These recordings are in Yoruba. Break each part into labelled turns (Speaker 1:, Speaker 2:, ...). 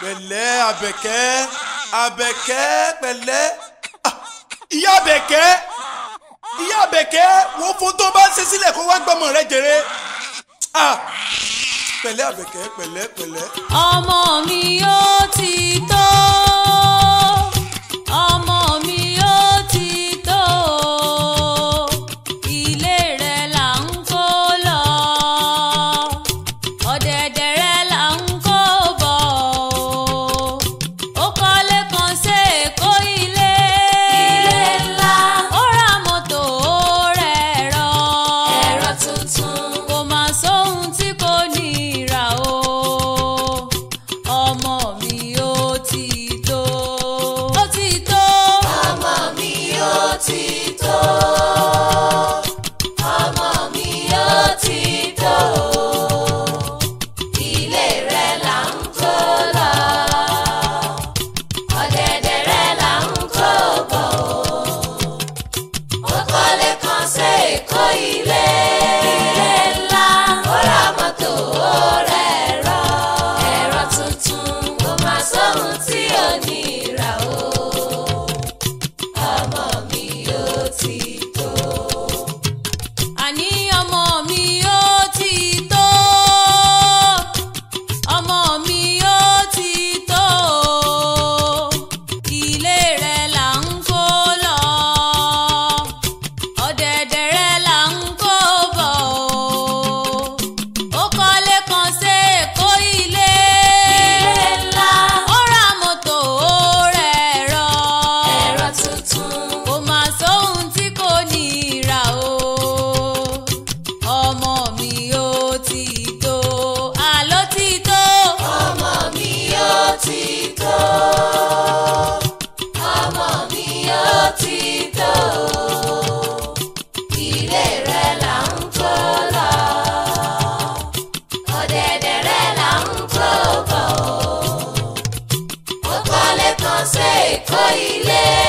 Speaker 1: pẹ̀lẹ́ abẹ́kẹ́ abẹ́kẹ́ pẹ̀lẹ́ ah, ìyá abẹ́kẹ́ ìyá abẹ́kẹ́ wo fún tó bá ṣe sílẹ̀ kó wá gbọ́mọ rẹ jèrè ah, pẹ̀lẹ́ abẹ́kẹ́ pẹ̀lẹ́ pẹ̀lẹ́.
Speaker 2: ọmọ mi yóò. See.
Speaker 1: see. ó kọ́lé kan sí Èkó ilé.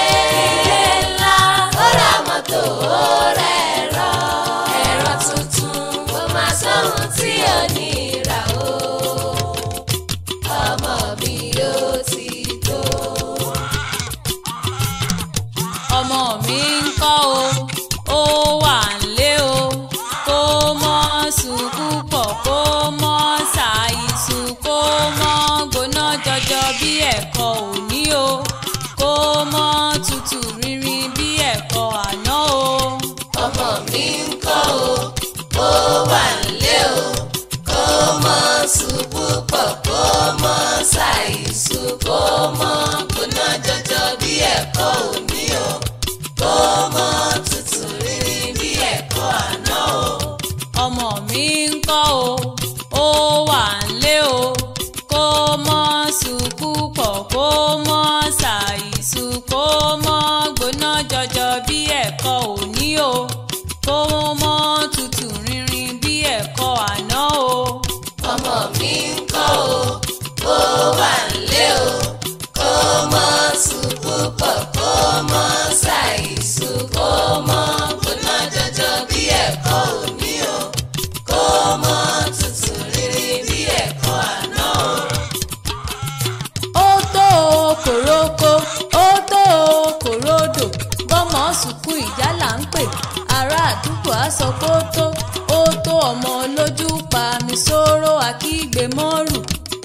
Speaker 2: ọmọ lójú pa mi sóró àkígbè mọ́rù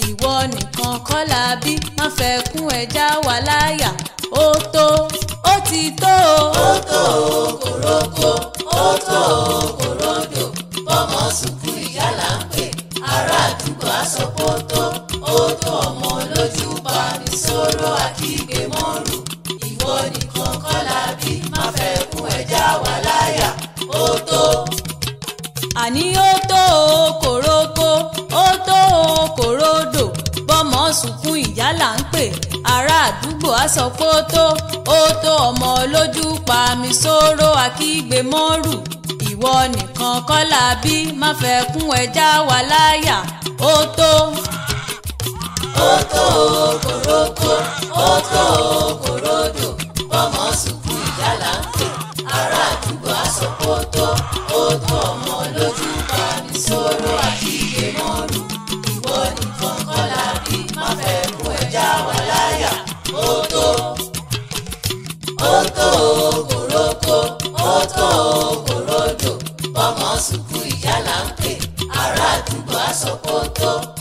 Speaker 2: ìwọ nìkan kọ́lá bí má fẹ́ kún ẹja wà láyà ó tó ó ti tó. ó tó kòrókò ó tó
Speaker 1: kòródò bọ́mọ sùkú ìyá là ń pè ará àdúgbò àsopọ̀ tó ó tó ọmọ lójú pa mi sóró àkígbè mọ́rù ìwọ
Speaker 2: nìkan kọ́lá bí. sunkún ìyá là ń pè ará àdúgbò á sọ pé ó tó ó tó ọmọ olójú pa mi sóró akígbe mọ́rù ìwọ nìkan kọ́lá bí má fẹ́ kún ẹja wà láyà ó tó. ó tó kòrókó
Speaker 1: ó tó kòródò ọmọ sunkún ìyá là ń pè. wá Sókótó.